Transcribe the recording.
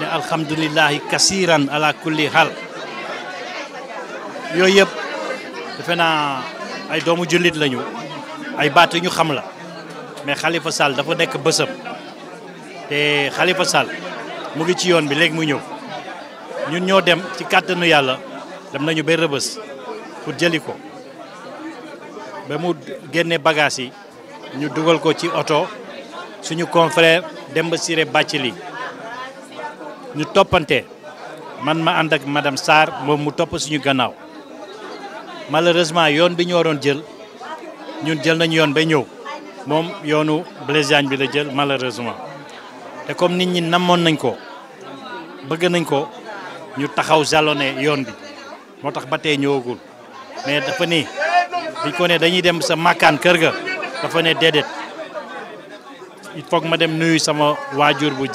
ne alhamdulillahi kasiran ala kulli hal yooyu yëpp defe naa ay doomu jullit lañu ay baat ñu xam la mais Khalifa Sall dafa nekk bësam te Khalifa Sall mu ngi ci yoon bi léegi mu ñëw ñun ñoo dem ci kàttanu yàlla dem nañu ba rëbës pour jëli ko ba mu génne bagages yi ñu dugal ko ci oto suñu confrère Demba Ciré li ñu topanté man ma and ak madame sar mom mu top suñu gannaaw malheureusement yoon bi ñu waron jël ñun jël nañ yoon ba ñew mom yoonu Blaise bi la jël malheureusement té comme nit ñi namon nañ ko bëgg nañ ko ñu taxaw jalonné yoon bi motax baté ba mais dafa ni bi ko né dañuy dem sa makan kër ga dafa né dédét il faut que ma nuyu sama Wajur bu